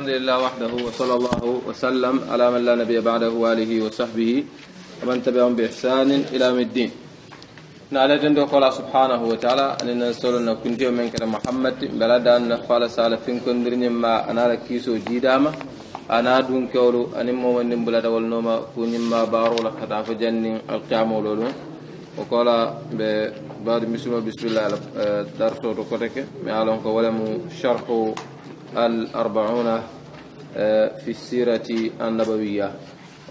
الحمد لله وحده وصلى الله وسلم على من لا نبي بعده وآله وصحبه ومن تبعهم بإحسان إلى يوم الدين نعلى جند قال سبحانه وتعالى أننا نسال نسألنا كنت من كلام محمد بلد أن سال فين كندرين ما أنا كيسو جيداما أنا دون كولو ان مو من بلد والنوم ما بارو لكتا جن القيام ولولو وقال بعد مسلم بسم الله درسو ركوتك ما علمك ولم شرحه الأربعون آه، في السيرة النبوية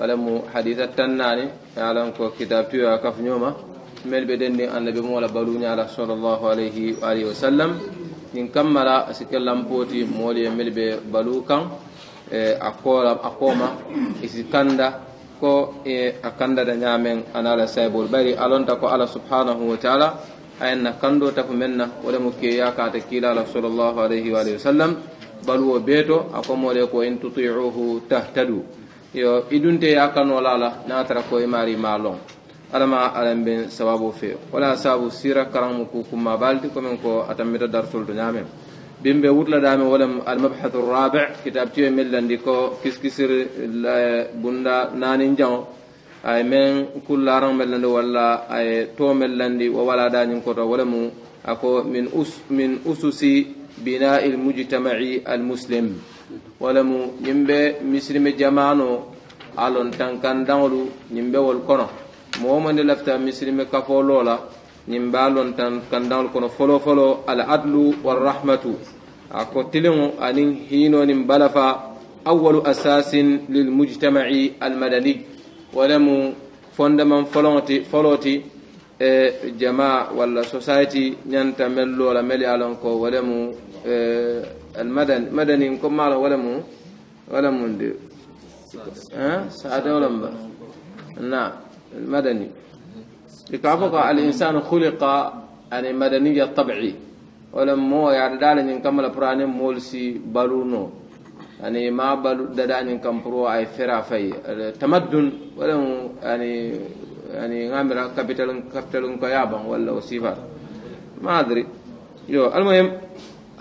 ولم حديث التناني يعلم كتاب تيوى كفنيوما مل بدني النبي مولى بلوني على صلى الله عليه وآله وسلم إن كمل أسكلم بوتي مولي مل بلوكا آه، أقول أقوما إسكندا ko e a kandata ñamen anala saybol bari alonta ko ala subhanahu wa taala ayenna kandota ko men na wala mo keya kata kiilala sallllahu alayhi wa alihi wa sallam baluwo beto to a ko in tutiuhu tahtadu yo idunte dunte ye a la tara ko i malon alama alam alla ben sababu fe wala sababu sira karaŋmu ku kumma baldi ko men ko atambita darsol to nyame bimbe wutla dame mabhath ar rabi kitab tiyo min landi ko kiskisir bunda nani njaw aye men kullaraŋ mel landi walla aye to mel wala dani ko to wala mu ako min, us, min ususi بناء المجتمع المسلم ولم يمبي مسلم جمانو alon tankandaŋolu ñiŋ be wolu kono moo mandi lafita misilime kafoloo la ñiŋ be a lon tankandaŋolu kono foloo foloo al adlu warahmatu a ko tiliŋo aniŋ hiinoo niŋ balafa awalu asasin lilmujtamai almadani wo lemu fondemaŋ foloo ti e jama walla society ñanta mel loola mel ye lon ko wole mu almadani madani ko maala wole mu wole mundi saate wolomba na almadani ika fo ko alinsanu huliqa ani madaniya tabi wala moo yaata daala ñiŋ kamma la pour aniŋ moolu si baluu noo ani ma balu dada ñiŋ kam pour ay fera fay tamaddun wala ani يعني غامرة كابيتال كابيتال كيابا ولا وصفات ما أدري يو المهم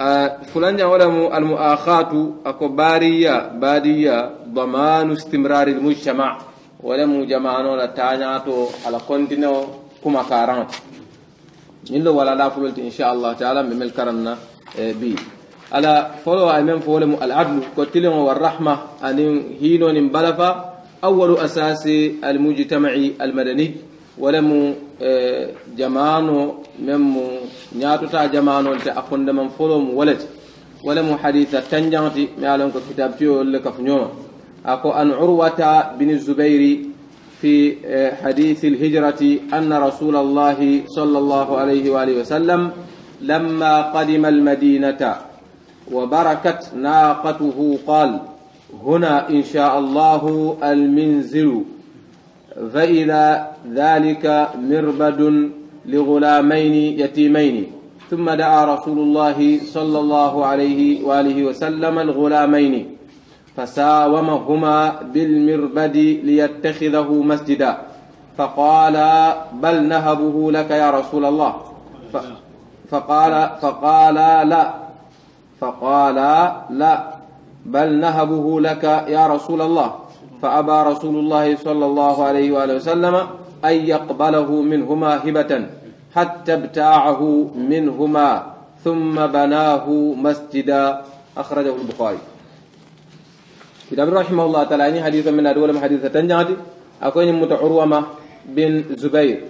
آه فلان ولم المؤاخاة أكو بارية بادية ضمان استمرار المجتمع ولم جمعنا لتانياتو على كونتينو كما كارانت إلا ولا لا فلولت إن شاء الله تعالى من الكرمنا آه بي على فلو أمام فولم العدل كتلهم والرحمة أن هينون بلفا أول أساس المجتمع المدني ولم آه، جمانو مم تا جمانو انت أخوند من فلوم ولد ولم حديث تنجانتي معلوم كتاب تيو لكف نيوم أكو أن عروة بن الزبير في آه، حديث الهجرة أن رسول الله صلى الله عليه وآله وسلم لما قدم المدينة وبركت ناقته قال هنا إن شاء الله المنزل فإلى ذلك مربد لغلامين يتيمين ثم دعا رسول الله صلى الله عليه وآله وسلم الغلامين فساومهما بالمربد ليتخذه مسجدا فقال بل نهبه لك يا رسول الله فقال فقال لا فقال لا بل نهبه لك يا رسول الله فأبى رسول الله صلى الله عليه وآله وسلم أن يقبله منهما هبة حتى ابتاعه منهما ثم بناه مسجدا أخرجه البخاري كتاب رحمه الله تعالى يعني حديث من أدول حديث تنجاتي أكون مت عروة بن زبير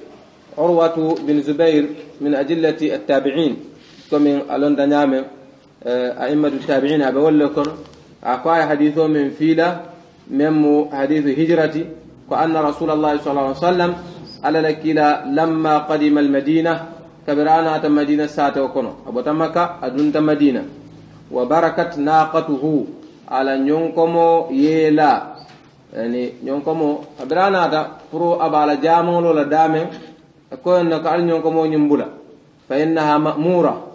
عروة بن زبير من أجلة التابعين كمن ألون دنيام آه، أئمة التابعين أبولكم أقاي حديثه من فيلا من حديث هجرتي وأن رسول الله صلى الله عليه وسلم على لكيلا لما قدم المدينة كبرانا تم مدينة ساعة وكونو أبو تمكة أدنت مدينة وبركت ناقته على نيونكومو يلا يعني نيونكومو أبرانا تا فرو أبا على ولا دامي أكون نكال نيونكومو نيمبولا فإنها مأمورة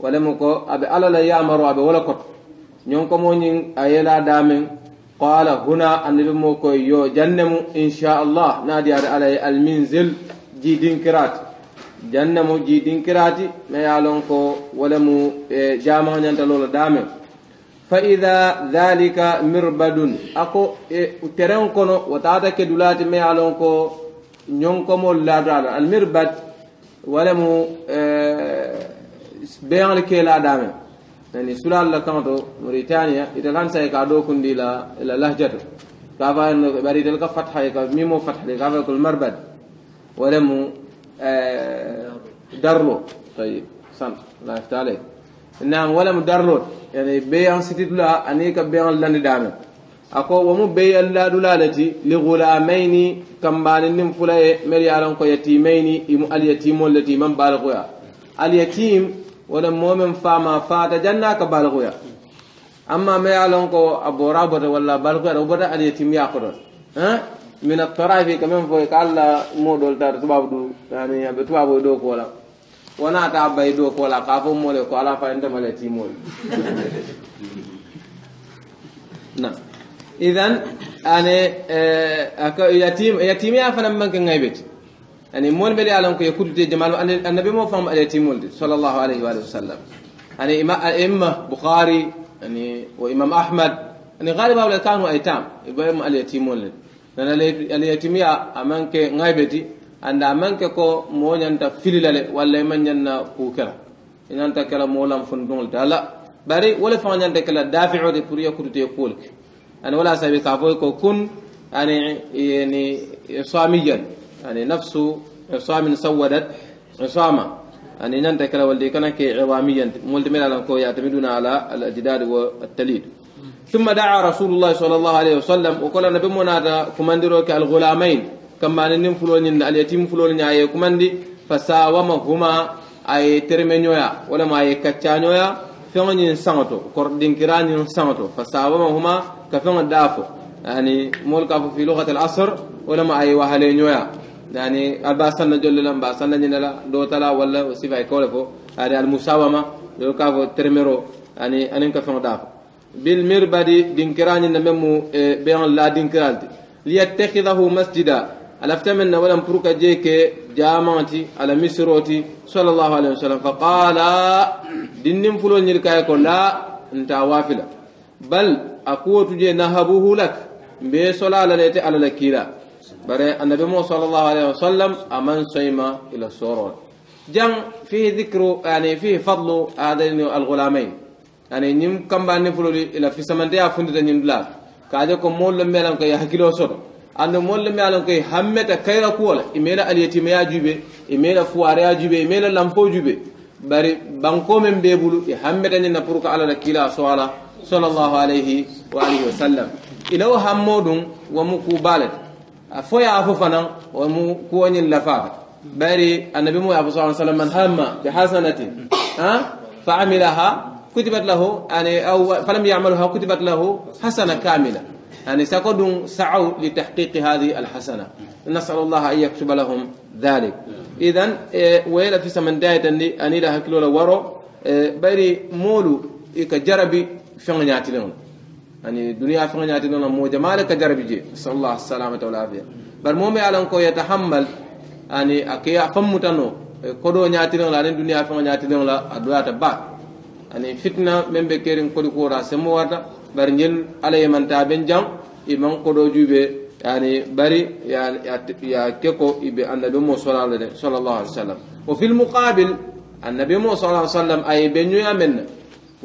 ولمكو أبي ألا لا يأمر أبي ولا كتب ñonkomoñin a yela damen qala huna annabi mo koye yo jannemu inchallah naadi ada alaye alminzil jiidinkirati jannemu jiidinkirati ma ya lon ko walemu e jamañantalola damen fa ida dhalika mirbadun ako e teren kono wotata kedulati ma ya lon ko ñonkomol laado ala almirbad walemu beyaŋol ke la damen يعني كما تو موريتانيا إذا كان سيكادو كندي لا لا لهجة كافا إنه بريد لك فتحة ميمو فتحة كافا كل مربد ولمو آه، درلو طيب سام لا يفتالي نعم ولم درلو يعني بيع ستيت لا أنيك بيع لن دامه أكو ومو mu لا دولا dulalati li ميني كم nim fulaye مريالون alan ko yatimaini imu al yatimul lati اليتيم wala momen fama fata janna ka balgoya amma ma ya lon ko abora bota walla balgoya do bota ali timiya ko don ha min at-tarafi kamen fo ka alla modol tar tubabu du yani abe tubabu do ko la wana ta bay do ko la ka fo mole ko ala fa ende male timol na idan ane yatim yatimiya fa nan man kan ngaybeti أن يعني يمون بلي عالم كي يكون تيجي جمال أن النبي مو فهم أليتي مولد صلى الله عليه وآله وسلم أنا يعني إمام أئمة بخاري أنا يعني وإمام أحمد أنا غالبا ولا كانوا أيتام يبغى يوم أليتي مولد لأن أليتي ميا أمان كي غايبتي أن أمان كي كو مو ينتا فيلي لالي ولا يمن ينا كوكرا إن أنت كلا مولم فندول تلا bari wala fa ñan de kala dafi'u de pour yakuru de أنا an wala sabi ka أنا ko kun ani yani swamiyan يعني نفس عصام سودت عصاما يعني ننت ولدي كان كي عظاميا مولد يعتمدون على الاجداد والتليد ثم دعا رسول الله صلى الله عليه وسلم وقال نبي منادى كماندروك الغلامين كما ننم فلون اليتيم فلون اي كماندي فساومهما اي ترمنيويا ولا ما اي كاتشانيويا فين سانتو كوردين كيران سانتو فساومهما كفين دافو يعني مول كافو في لغه العصر ولا ما اي وهلينيويا يعني الباسن جل لم باسن نلا دوتلا ولا سيفا كولفو هذا يعني المساومه لو كافو ترميرو يعني انك فون داف بالمربد دينكران نممو إيه، بيان لا دينكرالتي ليتخذه مسجدا الافتمن ولا مبروك جيك جامعتي على مسروتي صلى الله عليه وسلم فقال دينم فلون يركاي لا انت وافلا بل اقوت جي نهبه لك بي صلاه على لك كيلا بره النبي موسى صلى الله عليه وسلم أمن سيما إلى السورون جن فيه ذكر يعني فيه فضل هذين الغلامين يعني نم كم بان نفلو إلى في سمن ديا فندت نم بلاد كاجكم مول لم يعلم كي يحكي أن مول لم يعلم كي همة كيرا كول إميلا اليتيم يا جوبي إميلا فوار يا جوبي إميلا لامبو جوبي بري بانكو من بيبولو همة أن نبروك على الكيلا سوالا صلى الله عليه وآله وسلم إلو همودون ومكوبالت فو يا فنا ومو كون اللفاف باري النبي مو صلى الله عليه وسلم من هم بحسنة ها فعملها كتبت له يعني أو فلم يعملها كتبت له حسنة كاملة يعني سقدوا سعوا لتحقيق هذه الحسنة نسأل الله أن يكتب لهم ذلك إذا ويلا في سمن دايت أني لها كلولا ورو باري مولو إيكا جربي فين ياتي لهم يعني دنيا فنو نياتي نونا مو جمالك كجرب جي نسأل الله السلامة والعافية بل مومي على أنكو يتحمل يعني أكيا فمتنو كدو نياتي نونا لأن دنيا فنو نياتي نونا أدوات يعني فتنة من بكيرين كل كورا سمو ورد على يمن تابن جام إمان كدو جوبي يعني بري يا يا كيكو يبي أن نبي صلى الله عليه وسلم وفي المقابل النبي صلى الله عليه وسلم أي بنيو يمن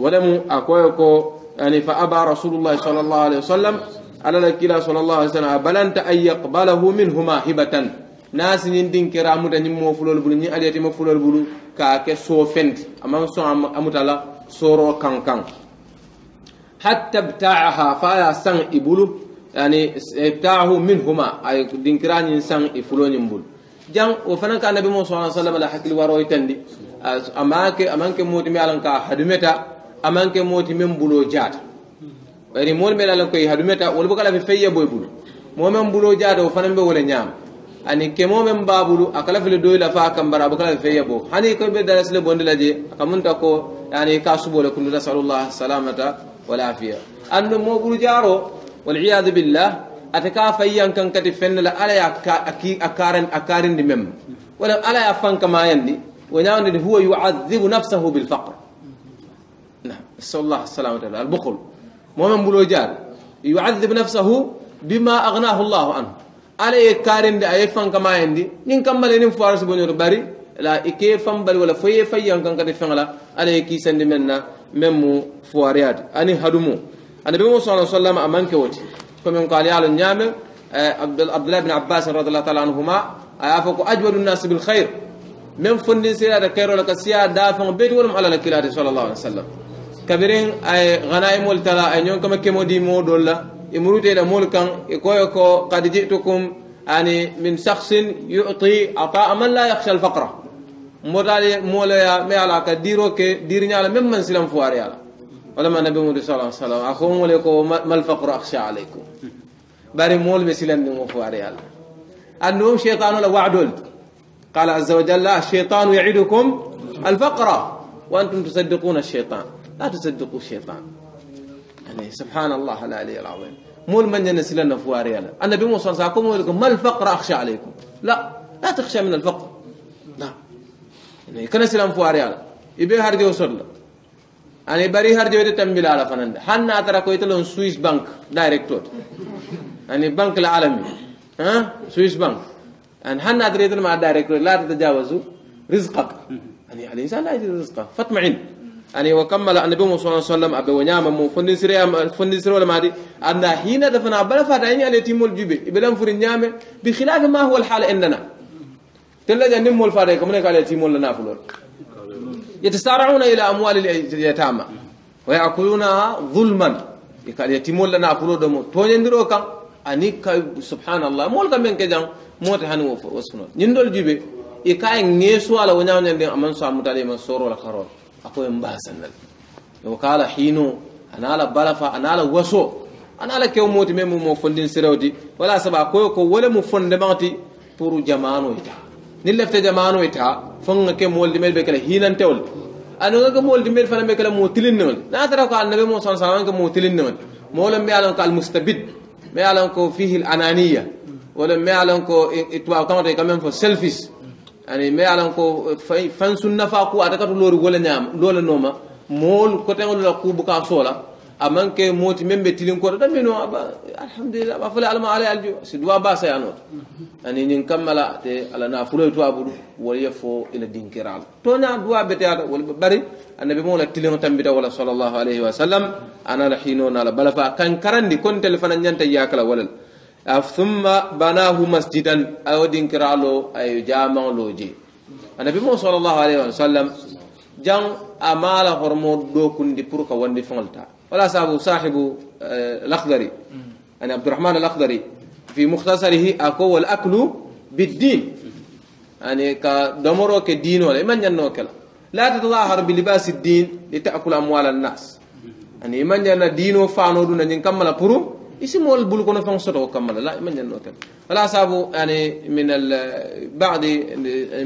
ولم أكويكو يعني فأبى رسول الله صلى الله عليه وسلم على الكلا صلى الله عليه وسلم بلنت أن يقبله منهما هبة ناس يندين كرامو تني مو فلول بلو ني أليتي مو فلول بلو كاك سو فنت أما سو أمتالا سورو كان كان حتى ابتاعها فايا سن إبلو يعني ابتاعه منهما أي دين كراني سن إفلون يمبلو jan o النبي ka nabi musa sallallahu alaihi wasallam la hakili waro itandi amake amanke mutumi alanka hadumeta amanke moti men bulo jaata bari mon be lalan koy meta wol bokala fe feye boy bulu mo men bulo jata o be nyaam ani mo men babulu akala fele doy la fa bara bokala fe feye bo hani koy be dalas le bondi laje akamunta ko yani ka subo le kunu rasulullah salamata wal afiya andu mo bulu jaaro wal iyad billah ataka fayyan kan kati fenna la ala ya akaran akarin di mem wala ala ya fanka mayandi yandi wanyawndi huwa yu'adhibu nafsahu bil faqr صلى الله عليه وسلم البخل مؤمن بلو جار يعذب نفسه بما اغناه الله عنه عليه إيه كارين دي ايفان كما يندي نين كمال نين فارس بنور باري لا اكي فام بل ولا فوي فاي ان كان كاتي فانلا عليه إيه كي سند مننا ميمو فواريات اني هادومو انا بيمو صلى الله عليه وسلم امان كوتي كما قال يال نيام آه، عبد عبد الله بن عباس رضي الله تعالى عنهما ايافكو آه، اجود الناس بالخير من فندي سيرا كيرو لك سيا دافن بيت ولم على الكلاد صلى الله عليه وسلم كبرين أي غنائم ولترى أنيون كم كم دي مو دولا يمرود إلى مول كان يكوي قد جئتكم يعني من شخص يعطي عطاء من لا يخشى الفقر مولا مولا يا ميالا كديرو كي ديرني على من من سلم فواري على ولا ما نبي مولى صلى الله عليه وسلم أخو مولى كو ما الفقر أخشى عليكم باري مول مسلم نمو فواري على النوم شيطان ولا وعدل قال عز وجل الشيطان يعدكم الفقر وأنتم تصدقون الشيطان لا تصدقوا الشيطان يعني سبحان الله العلي العظيم مو من ينسي لنا فواري أنا النبي موسى ويقول لكم ما الفقر أخشى عليكم لا لا تخشى من الفقر لا يعني كنا سلام فواري أنا يبي هرجع وصل يعني بري هرجع يدي تنبيل على فنان حنا ترى كويت لهم سويس بنك دايركتور يعني بنك العالمي ها سويس بنك يعني حنا تريد مع دايركتور لا تتجاوزوا رزقك يعني الإنسان لا يجد رزقه فاطمئن ani wa kammala annabi mu sallallahu alaihi wasallam abe wanyama mu fondin sire am fondin sire wala madi anna hina da fana bala fata yin alati mul jube ibelam furi nyame bi khilaf ma huwa al hal indana tella janni mul fata kamne kala ti mul lana fulor yatasara'una ila amwal al yatama wa ya'kuluna zulman ikal yatimul lana fulor do mo tonyendiro kan ani ka subhanallah mol kam men kejan mota hani wo sunno nyindol jube ikay ngeso ala wanyama nyande aman so amutale man soro la karol akwai mbahasan lal yo kala hino anala balafa anala waso anala kew moti meme mo fondin sirawdi wala saba ko ko wala mu fonde fondementi pour jamano ita ni lefte jamano ita fonga ke moldi mel be kala hinantewol ano ga moldi mel fana be kala mo tilinnewol na tara ko nabi mo san san ga mo tilinnewol molam be alan ko al mustabid me alan ko fihi al ananiya wala me alan ko itwa kamata kamen fo selfish ani me alan ko fan sunna fa ku ataka to lori gola nyam lola noma mol ko tan la ku buka sola aman ke moti membe tilin ko da mino aba alhamdulillah ba fala alma ala alju sidwa ba sa yanot ani nin kamala te ala na fulo to abudu wal yafo ila dinkiral to na duwa bete ata wal bari annabi mo la tilin tan bita wala sallallahu alaihi wasallam ana la hino la balafa kan karandi kon telefana nyanta yakala walal ثم بناه مسجدا أو دين كرالو أي جامع لوجي النبي صلى الله عليه وسلم جان أمال هرمو دو دي بروكا وندي فولتا ولا صاحب صاحب آه، الأخضري انا عبد الرحمن الأخضري في مختصره أكو الأكل بالدين يعني كدمرو كدين ولا من جنو لا تتظاهر بلباس الدين لتأكل أموال الناس يعني إيمان دينو فانو دون ان كمل برو يسمو البلوكون فانسرو كمل لا من ينوكل فلا سابو يعني من ال بعد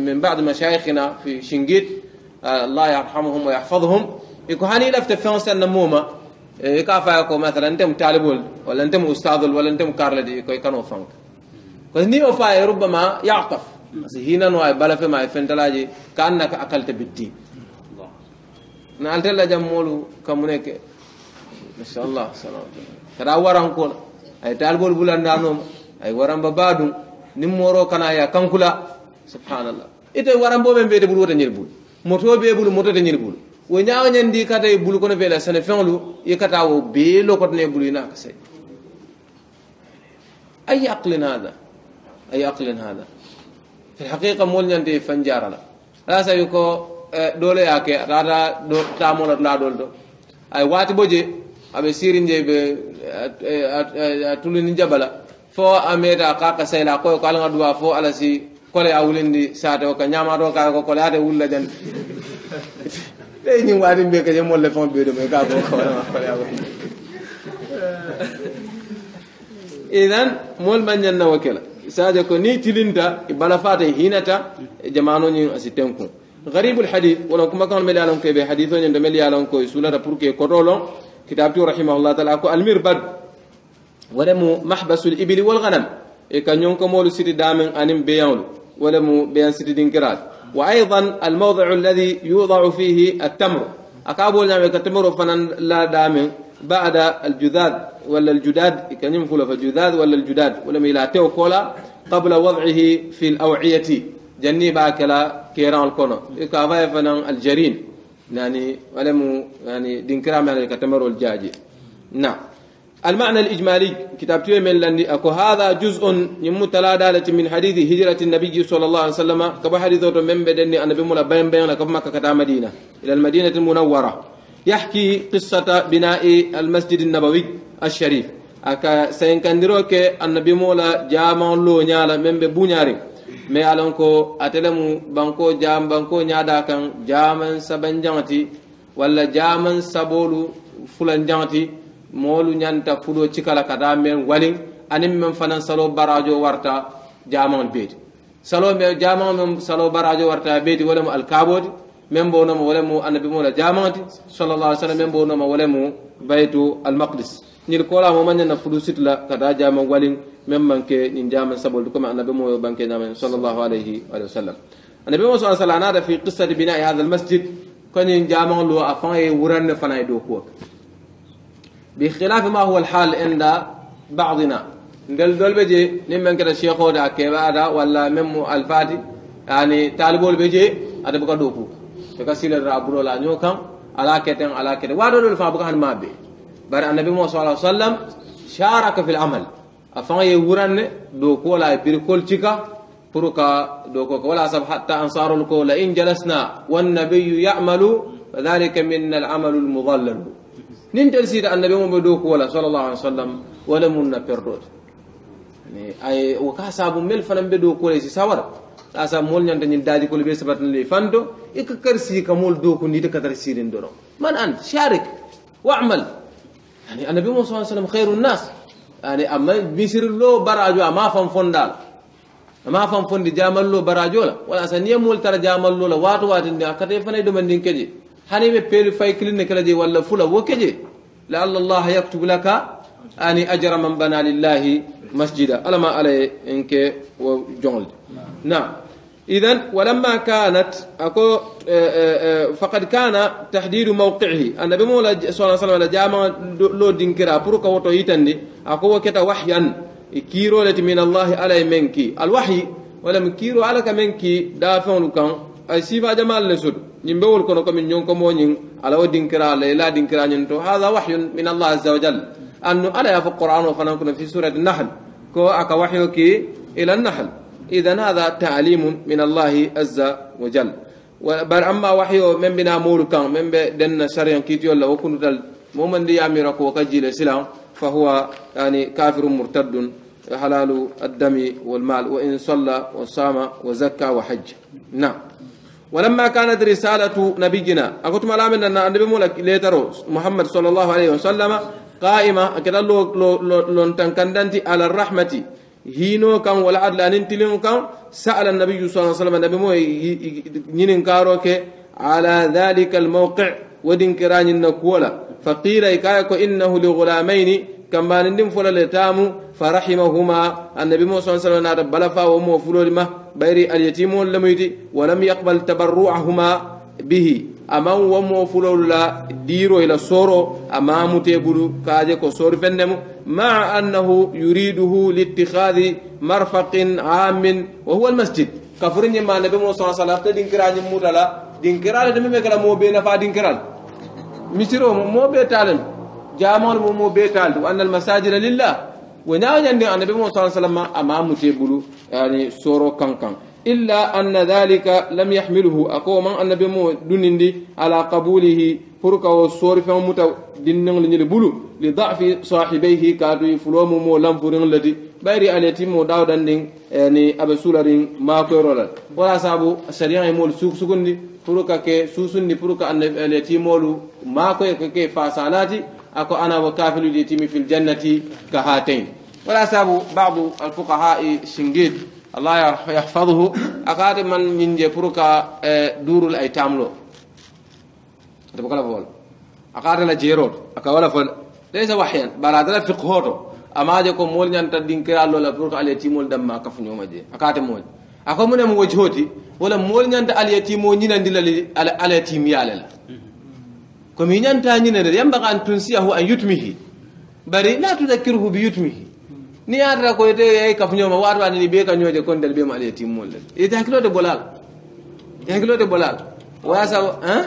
من بعد مشايخنا في شنجيت آه، الله يرحمهم ويحفظهم يكون هاني لفت فانس النموما إيه، كافا يكون مثلا انت طالب ولا انت استاذ ولا انت كارلدي يكون كانوا فانك كني اوفا ربما يعطف بس هنا نوع بلا في ما يفنتلاجي كانك اكلت بتي نالت لا جمولو كمونيك ما شاء الله سلام عليكم kata warankola ay taalibol bulandanoma ay waramba baadum nin moro kana ya kankula subhanallah ite waramboɓe mbeyde ɓuuri wota ñel bulu moto be bulu moto de ñel bulu wo ñawañandi kata e kono feela sene feŋlu i kata wo bee lokotane bulu ina ka sey أي عقل هذا أي عقل هذا في الحقيقة مول ينتهي فنجارة لا لا سيكو دولي أكي رادا تعمل لا دول دو أي واتي بوجي aɓe sirinde ɓe a tulini jabala fo a meta ka ka sayla koye ko alaga duwa fo ala si kole a wulindi sate o ka ñamato ka ko kole ate wulla jan ɗe ñin watin ɓe kaje molle fon ɓeɗo ɓe ka ko kawalama kole a wulindi idan mol man ñanna wo kela sadio ko ni tilinta e bala fata e hinata e jamanoñin asi tenkun garibul hadith wala kuma kan mel yalon koye ɓe hadith oñen to mel yalon koye sulata pour que kotolon كتابته رحمه الله تعالى أكو المربد ولمو محبس الإبل والغنم إكان نيونكو مولو سيدي دامن أنم بيانو ولمو بيان سيدي دينكرات وأيضا الموضع الذي يوضع فيه التمر أكابول نعم التمر فنان لا دامن بعد الجذاد ولا الجداد كان ينفل فالجذاد ولا الجداد ولم يلاتيو كولا قبل وضعه في الأوعية جني باكلا كيران الكونو إيكا فنان الجرين يعني ولم يعني دينكرا من يعني الكتمر الجاج نعم المعنى الإجمالي كتاب تيم لاني أكو هذا جزء يمتلا دالة من حديث هجرة النبي صلى الله عليه وسلم كما حديث من بدني أنا بمولا بين بين لكم مكة كتا مدينة إلى المدينة المنورة يحكي قصة بناء المسجد النبوي الشريف أكا سينكندروك أن مولا جامع لو نيالا من ببونياري me alon ko atelemu banko jam banko nyada kan jaman saban jangati wala jaman sabolu fulan jangati molu nyanta fulo cikala kata men walin anim men fanan salo barajo warta jaman beti. salo me jaman men salo barajo warta wala mu alkabod men bonoma wolemu annabimola jamaŋati sallallahu alaihi wasallam men bonoma mu baytu almaqdis kola mo manna fulu sitla kata jaman walin meŋ maŋ ke ñiŋ jaaman saboolu comme annabi moo banke ñaamen sallallahu alayhi wa sallam annabi moo sa sallam anaata fi qissati binai hada almasjid ko ñiŋ jaamaŋo lo a faŋ ye wuranne fana ye doo kuwo bikhilafi ma huwa alhal inda badina ndel dol be je niŋ meŋ keta sheekho da kebaata walla meŋ mu alfaati yani taaliboolu be je ate buka doo kuuka to ka silatata a burola ñoo kaŋ ala keten ala keten waadoololu faŋ a buka hani maa bee bari annabi moo sa sallam sharaka fi l amal a faŋa ye wuranne dookuwo la a ye pirikol cika pour ka dooko ko wala sab hatta ansarol ko la in jalasna wannabiyu yamalu fa dhalika minna alamalu lmudallalu nin tel siita annabi mo ɓe dooku wala sallllahu alih w sallam wala mum na perdoto ay wo ka saabu mel fanan ɓe dooko lay si sawara a sa mol ñanta ñin daaji kole ɓe sabatanle fanto i ka kar sii ka mol dookundita katar siirin doron man an sharik wamal yani annabi mo saa sallam hayru nnas ani amma misirlo barajo ama fan fondala ama fan fondi jamallo barajo la wala sa niya mol tara jamallo la watu wati ndi akate fane do mandin keje hani be pelu fay clinic kala je wala fula wo keje la allah yaktubu laka ani ajra man bana lillahi masjida alama alay enke wo jongol na إذا ولما كانت أكو آه، آه، آه، فقد كان تحديد موقعه النبي بمولا صلى الله عليه وسلم جامع لو دينكرا بروك وتو يتندي أكو كتا وحيا كيرو لت من الله علي منكي الوحي ولم كيرو على منك دافن كان أي سيفا جمال لسود نيمبول كونو كم نيون كومو نين على دينكرا لا دينكرا نينتو هذا وحي من الله عز وجل أنه ألا في القرآن وفنان في سورة النحل كو أكا وحيوكي إلى النحل إذا هذا تعليم من الله عز وجل بل أما وحيه من بنا موركان من بدن شريا كيتيو الله دل مؤمن دي أميرك وكجيل سلام فهو يعني كافر مرتد حلال الدم والمال وإن صلى وصام وزكى وحج نعم ولما كانت رسالة نبينا أقول ما من أن النبي مولك ليترو محمد صلى الله عليه وسلم قائمة أكد الله لون تنكندنتي على الرحمة hino kan wala adla nin tilin kan sa'ala nabiyyu sallallahu alaihi wasallam nabi mo nyinin karo ke ala dhalika almawqi' wadin kiranin nakwala faqila ikaya ko innahu li kam lighulamaini kamba ndim fola letamu farahimahuma annabi mo sallallahu alaihi wasallam na balafa wa mo fulolima bayri alyatimu lamuyti wa lam yaqbal tabarru'ahuma bihi aman womo fulol la diiro ila soro amamu bulu kaje ko sori fennemu ma annahu yuriduhu litikhadhi marfaqin amin wa huwa almasjid kafrin ma nabi mu sallallahu alaihi wasallam din kiran mu dala din kiran de meme kala mo be na fa din kiran misiro mo be talen jamol mo mo be tal wa anna almasajida lillah wa woñañandi annabi mu sallallahu alaihi wasallam amamu tebulu yani soro kankan illa anna dhalika lam yahmiluhu ako man annabi mo dunindi ala qabulihi pour ka wo soori feŋ muta dinniŋ li ñili bulu li dafi sahibayhi kaatu fulomu mo lamfuriŋ lati bayri aleti mo dawdandiŋ eh, ni abe sulariŋ maakoyro la wala sabu sharia ye moolu sukusukundi pour ka ke suusundi pour ka annabi aleti moolu maakoye ka ke faasalaati ako ana wa kafilu timi fil jannati ka hatain wala sabu badu alfuqahai shingid allah yahfaduhu akaate man min je pour ka durul ay tamlo ata bokala fo wala akaate la jeerooto aka wala fo laysa wahyan barata la fiqhoto amaje ko mool ñanta dinkira lola pour que ala timol damma kaf ñoma je akaate mool ako munem wajhoti wala mool ñanta ala timo ñinandila ala timiyale la komi ñanta ñinade yambaka an tunsiyahu an yutmihi bari la tudakkiruhu bi yutmihi ni arra ko ite yai kaf nyoma waru anani be ka nyoje kon del be ma le timmol le ite hakilo de bolal hakilo de bolal wa sa hein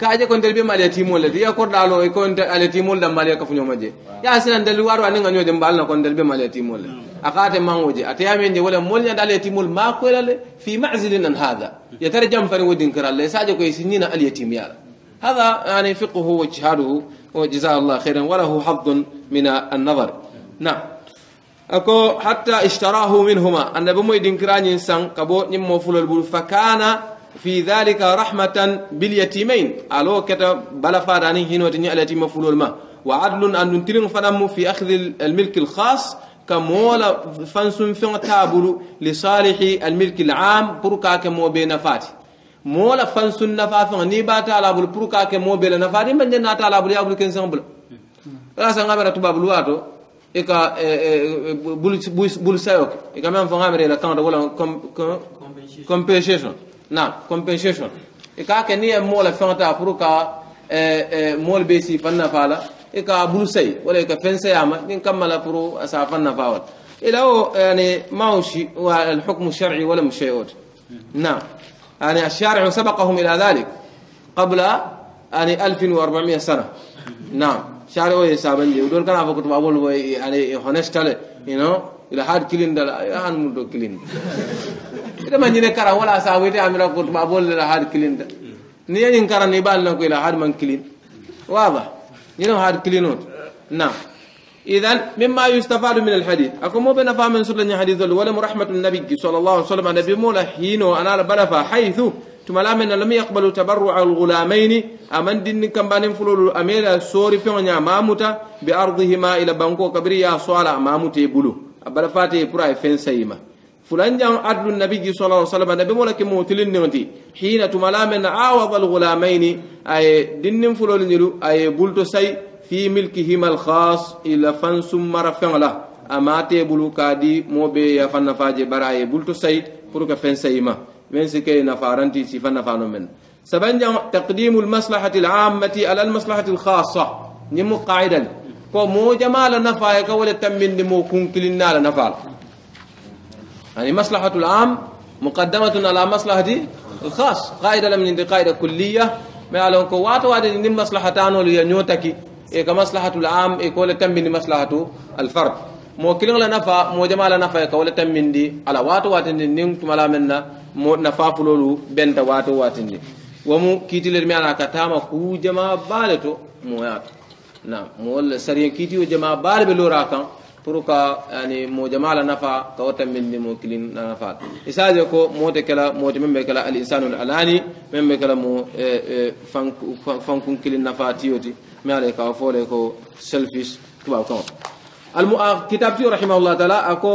kaaje kon del be ma le timmol le ya kor dalo e kon ale timmol da mali kaf nyoma je ya sinan del waru anani nyoje mbal na kon del be ma le timmol le akate mangoje atayame nje wala molnya dale timul ma ko lale fi ma'zilin an hadha yatarjam fani wodin karalle saje ko sinina al yatim yala هذا يعني فقهه واجهاده وجزاه الله خيرا وله حظ من النظر نعم ako hatta ishtarahu minhuma annabi mo idinkiranyin san kabo nyim mo fulol bul fakana fi dhalika rahmatan bil yatimain alo keta bala fadani hinoti ni alati mo fulol ma wa adlun an nuntirin fadamu fi akhdh al milk al khas kamola fansun fin tabulu li salihi al milk al am burka ke mo be nafati mola fansun nafafin ni ba ta labul burka ke mo be nafati man na ta labul ya bul ken san bul rasa ngabara tubabul wato ika bulusayoke ika men mire la kanre wala compensation na compensation ika ke ni ye la feŋta pour ka mool be si fan nafa la ika bulusay wala ika fen sayama nin kamma la pour asa fan nafa wala ila o yani mao alhukmu sharci wala mu shay ot na يعني الشارع سبقهم إلى ذلك قبل يعني 1400 sana نعم شارو هي سامن جي ودول كان أفكر تبابون هو يعني هونس تال you know إلى هاد كلين دل هان مودو كلين إذا ما جينا كارا ولا سامي تي أميرا كتب تبابون إلى هاد كلين دل نيا جين كارا نيبال نكو إلى هاد من كلين واضح جينا هاد كلينون نعم إذن مما يستفاد من الحديث أكو مو بنفع من سورة الحديث ولا مرحمة النبي صلى الله عليه وسلم النبي مولا حينو أنا بنفع حيث tuma la men lam yaqbalu tabarru'a al-ghulamayn aman din kam banen fulolu amela sori fe nya mamuta bi ardihima ila banko kabri ya sala mamute bulu abala fati pura fen sayima fulan jam adlu nabiji sallallahu alaihi wasallam nabi molake motilin nonti hina tuma la men awad al-ghulamayn ay dinnin fulolu nilu ay bulto say fi milkihima al-khas ila fansum marafangla amate bulu kadi mobe ya fanna faje bara ay bulto say pour que fen sayima من سكي نفارنتي سيفا نفانو من سبنجا تقديم المصلحة العامة على المصلحة الخاصة نمو قاعدا كو مو جمال نفايك ولا تمين مو كون كلنا يعني مصلحة العام مقدمة على مصلحة الخاص قاعدة من قاعدة كلية ما يعلم كو واتو نم مصلحة تانو لينيوتكي إيه مصلحة العام إيه ولا تمني مصلحة الفرد مو كلنا نفع مو جمال نفايك إيك على واتو واتن نيم تملا منا nafafulolu benta waato waatindi womu kiitileri mi ala ka taama ku jama baale to moyato nam mowolla sariyen kiitiyo jama baale ɓe lora yani mo jama la nafa ka wo tambindi kilin na nafa isaje ko mote kela mote men ɓe kela al insanul alani men ɓe kela mo fankun kilin nafa tiyoti mi ala ko selfish tubaw kan الكتاب تيو رحمه الله تعالى أكو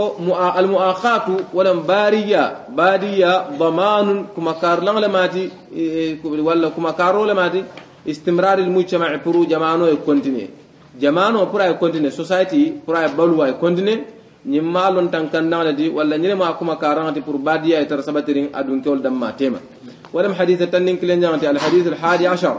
المؤاخات ولم باريا بارية ضمان كما كار لماتي إيه، إيه، ولا كما كارو لماتي استمرار المجتمع برو جمانو يكونتيني جمانو برا يكونتيني سوسايتي برا يبلوا يكونتيني ñiŋ maa lontaŋ kandaŋo le ti walla ñine maa kuma kaaraŋo ti pour baadiya ye tara sabatiriŋ ولم حديث تنين كلين على الحديث الحادي عشر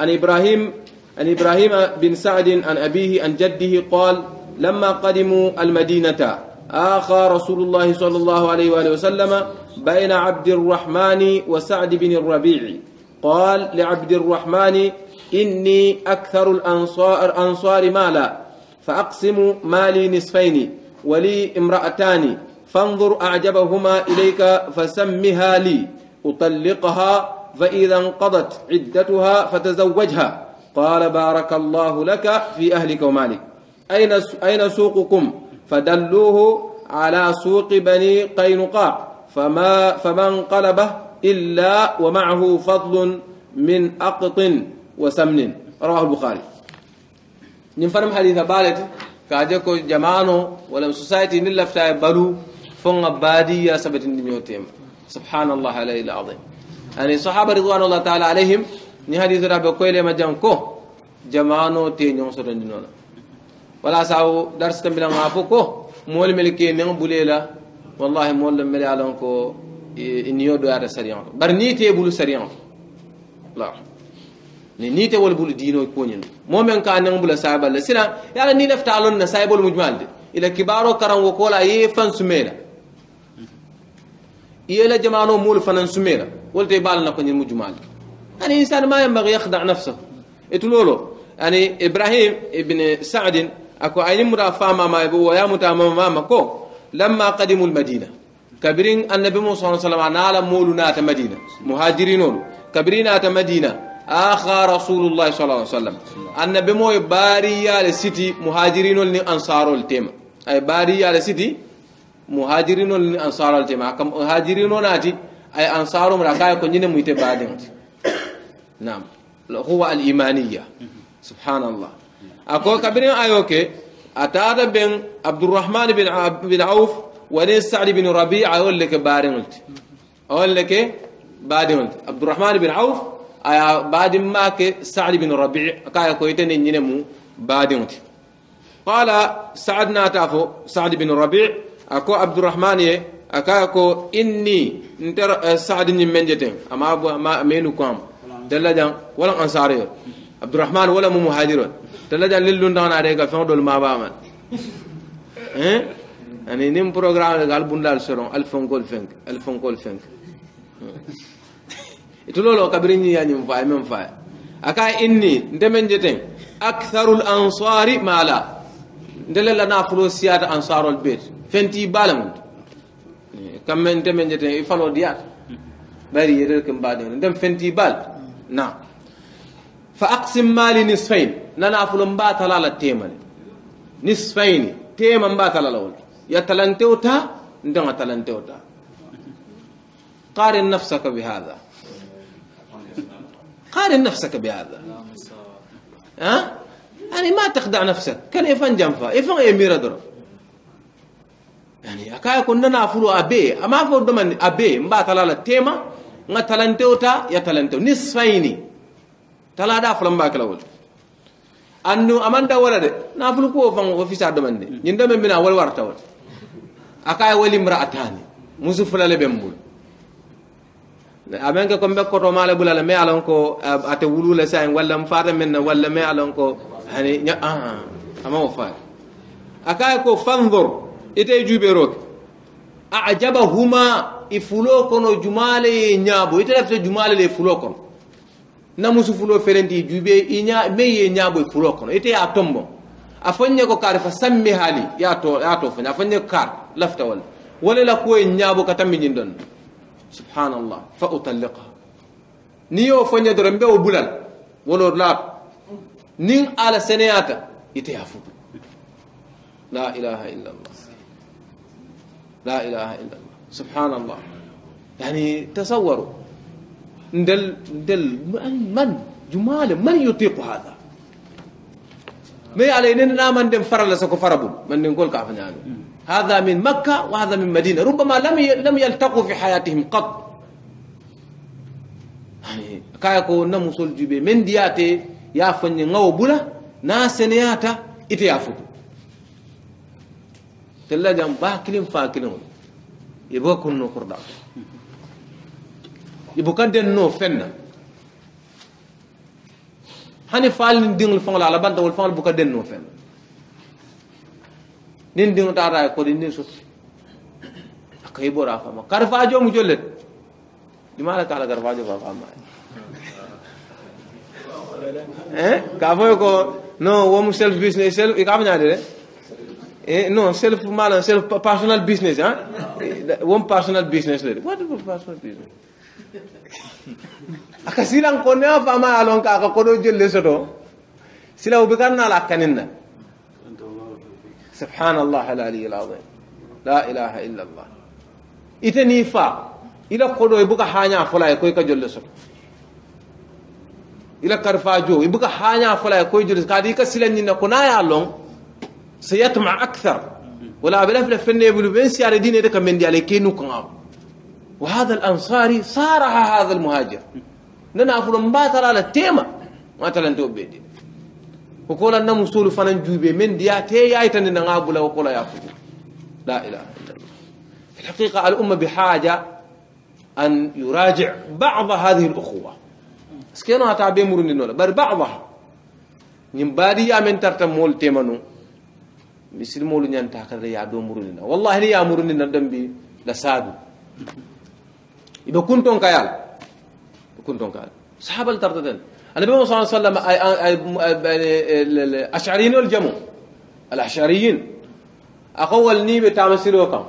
أن إبراهيم أن إبراهيم بن سعد عن أبيه عن جده قال لما قدموا المدينة آخى رسول الله صلى الله عليه وآله وسلم بين عبد الرحمن وسعد بن الربيع قال لعبد الرحمن إني أكثر الأنصار أنصار مالا فأقسم مالي نصفين ولي امرأتان فانظر أعجبهما إليك فسمها لي أطلقها فإذا انقضت عدتها فتزوجها قال بارك الله لك في أهلك ومالك أين أين سوقكم فدلوه على سوق بني قينقاع فما فما انقلبه إلا ومعه فضل من أقط وسمن رواه البخاري نفرم حديث بالد كاجكو جمانو ولا سوسايتي نلا فتاي بلو فون بادية سبت نيوتيم سبحان الله عليه العظيم يعني صحابة رضوان الله تعالى عليهم ني حديث رابع كويلة مجانكو جمانو تينيو سرنجنونا. ولا ساو درس كم بلا مافوكو مول ملكي نعم بوليلا والله مول ملي علانكو إنيو دوار سريان برني تي بول سريان لا نني تي ول بول دينو كونين مو من كان نعم بول سايبا لا سينا يا لا نين افتالون نسايبول مجمال دي إلى كبارو كرام وكولا يي فان سميلا يلا جمانو مول فنان سميلا ولتي بالنا كونين مجمال يعني الانسان ما ينبغي يخدع نفسه اتلولو يعني ابراهيم ابن سعد ako ayni muta famama ebo waya muta mamama ko lamma qadimu lmadina kabirin annabi musa sa sallam anala muluna nata madina muhajirinolu kabiri nata madina akha rasulullah sallallahu sa sallam annabi moye bariyale siti muhajirinol ni ansarol tema ay bariyale siti muhajirinol ni ansarol tema aka muhajirino nati ay ansarum ra kaya ko ñine muyte badinti nam huwa al imaniya subhanallah ako kabiri ayo ke atata ben abdurrahman bin bin auf wani sa'd bin rabi'a wala ke barin ulti wala ke badin ulti abdurrahman bin auf aya badin ma ke sa'd bin rabi'a kaya ko itene nyine mu badin ulti qala sa'd na tafo sa'd bin rabi'a ako abdurrahman ye akaya ko inni ntar sa'd ni menjete ama ma menu kam dalla jang wala ansari abdurrahman wala mu muhajiron تلاجأ ليلون دهون أريكا فهم دول ما بامن، ها؟ إيه؟ يعني نيم برنامج قال بندال سرّون ألفون كول فنك ألفون كول فنك، يطلعوا إيه. لو كبرني يعني مفاع مفاع، أكاي إني دمن جتين أكثر الأنصار مالا، دللا نافلو سياد أنصار البيت فنتي بالمود، إيه. كمن دمن جتين يفعلوا ديار، بري يدل كم بعدين دم فنتي بال، نعم. فأقسم مالي نصفين نانا فلم بات على تيمن نصفين تيمن بات الأول يا يتلنتوتا ندم تلنتوتا قارن نفسك بهذا قارن نفسك بهذا ها أه؟ يعني ما تخدع نفسك كان يفن جنفا يفن يمير درب يعني أكا كنا نافلو أبي أما فو دمان أبي مبات لا تيمن nga talantew ta tala da fulan ba kala wala annu amanda wala de na fulu ko fan o fisa do mande nyin do men bina wal warta wala akaya wali imra'atani musu fulale be mbul amen ko kombe ko to mala bulala me alon ko ate wulula sa en walla mfata men walla me alon ko hani ah ama o fa akaya ko fanzur ite jube rok a'jabahuma ifulo kono jumale nyabo ite lafta jumale le fulo kono namusu fulo ferenti juube iña me ye ñaaboy fulo kono ite ya tombo a fonñe ko kaari fa sammi hali ya to ya to foña a kar lafta walla wala la kuwoye ñaabo ka tammi ñin subhanallah fa utalliqa ni yo foñe doro mbe o bulal wala la nin ala seniata ite ya fudu la ilaha illa illallah la ilaha illallah subhanallah yani tasawwaru ندل ندل من من جمال من يطيق هذا ما علينا يعني ان من دم فرلا سكو فرب من نقول كافنا يعني. هذا من مكة وهذا من مدينة ربما لم لم يلتقوا في حياتهم قط يعني كاي كو نمسول جبي من دياتي يا فني غو بولا ناسنياتا إتي يافوتو تلا جام باكلين فاكلين يبوكن نقردا ibuka den no fenna hani faal nin dingul fangla ala banta wol fangal buka den no fenna nin dingu tara ko din nin soti akay bora fama karfa jo mu jollet dimala kala karfa jo fa fama eh ka fo ko no wo mu self business self e kam nyaade de eh no self mala self personal business hein wo personal business le what is personal business aka silan ko ne afa ma alon ka aka kodo jelle soto sila ubi karna la kaninna subhanallah al ali al azim la ilaha illa allah itani fa ila kodo ibuka hanya fula ko ka jolle soto ila karfa jo ibuka hanya fula ko jolle kadi ka silan ni ko na ya alon sayatma akthar wala bila fil fanne bulu ben siare dine de ka mendi ale kenu kan وهذا الأنصاري صارح هذا المهاجر لنا افضل ما ترى التيمة ما تلنتو بيدي وقول أن مسول فنن جوبي من ديا تي يا تن نغابلا وقول يا فضل لا إله إلا الله في الحقيقة الأمة بحاجة أن يراجع بعض هذه الأخوة سكينو هتعبي مرن نولا بل بعضها من نبادي أمن ترتمول تيمانو misilmoolu ñanta kada yaado murunina wallahi ni yamurunina dambi la saadu ibe kunton kayal kunton kayal sahaba tartaten النبي صلى الله عليه وسلم الأشعريين والجمو الأشعريين أقوى النيبة تعمل سيلوكم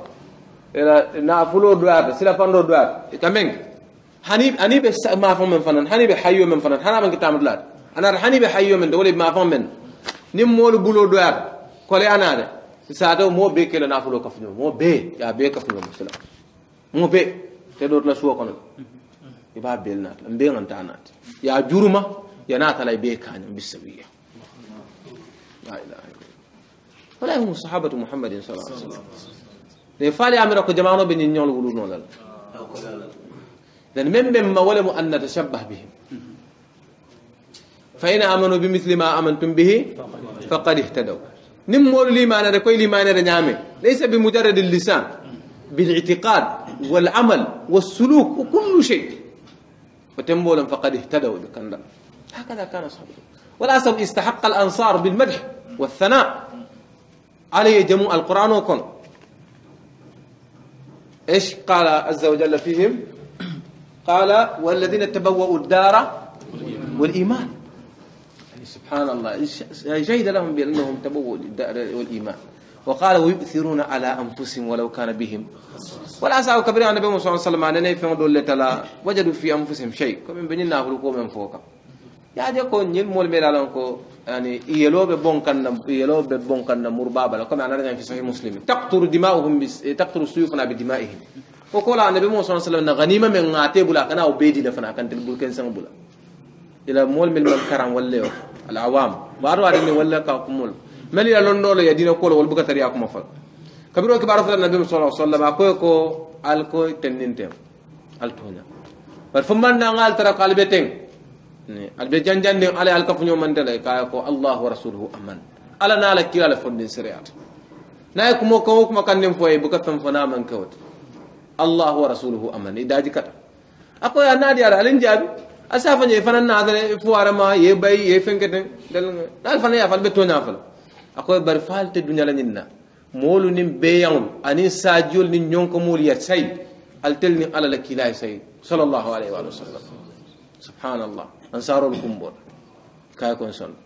نافلو دوار سلا فندو دوار كمين هنيب هنيب ما فهم من فنان هنيب حيو من فنان هنا من كتام دلار أنا هنيب حيو من دولي ما فهم من نمول بلو دوار كولي أنا ده سادو مو بي كلا نافلو كفنو مو بي يا بي كفنو مسلا مو بي تدور لسوا كنا يبقى بيلنا بين عن تانات يا جرمة يا نات على بيكان بالسوية لا إله إلا الله ولا هم الصحابة محمد صلى الله عليه وسلم نفعل أمرك جماعنا بنينيال ولونا لا لأن من من مولم أن نتشبه بهم فإن آمنوا بمثل ما آمنتم به فقد اهتدوا نمول لي ما نرى لي ما نرى ليس بمجرد اللسان بالاعتقاد والعمل والسلوك وكل شيء فتمولا فقد اهتدوا كان هكذا كان صحيح والأسف استحق الأنصار بالمدح والثناء عليه جموع القرآن وكن إيش قال عز وجل فيهم قال والذين تبوؤوا الدار والإيمان يعني سبحان الله جيد لهم بأنهم تبوؤوا الدار والإيمان وقال ويؤثرون على أنفسهم ولو كان بهم ولا أسعى كبير عن النبي صلى الله عليه وسلم أن دول لتلا وجدوا في أنفسهم شيء كم بنينا هلوكو من فوق يا دي كون نيل مول ميلا لانكو يعني يلو ببون كان يلو ببون كان مر مربابا كما أنا في صحيح مسلم تقطر دماؤهم بس... تقطر سيوفنا بدمائهم وقال النبي صلى الله عليه وسلم غنيمة من غاتي بلا كان أو بيدي دفنا كان كان سن بلا إلى مول من الكرام والله العوام وارو أرني ولا كاكمول mali la londo le yadina ko wol buka tariya kuma fa kabiro ke barafa nabi sallallahu alaihi wasallam akoy ko al ko tennintem al tonya par fuman na ngal tara kalbe teng ni al be janjan de ala al kafu nyoman de ka ko allah wa rasuluhu aman ala na ala kila la fondin siriyat na ko mo ko kuma kan nem foye buka tan fana man kawt allah wa rasuluhu aman idaji kata akoy anadi ala alin jabi asafa ne fanan na adare fuara ma ye bay ye fenkete dal na fana ya fal be tonya fal akoye bari faalte duñalañin na moolu nin beeyaŋol aniŋ saajiyol niŋ ñonkomoolu ye sayi alitel niŋ alla la kiila ye sayi salallahu alayhi wa sallam subhanallah ansaarolu kumboota kaye kon sonno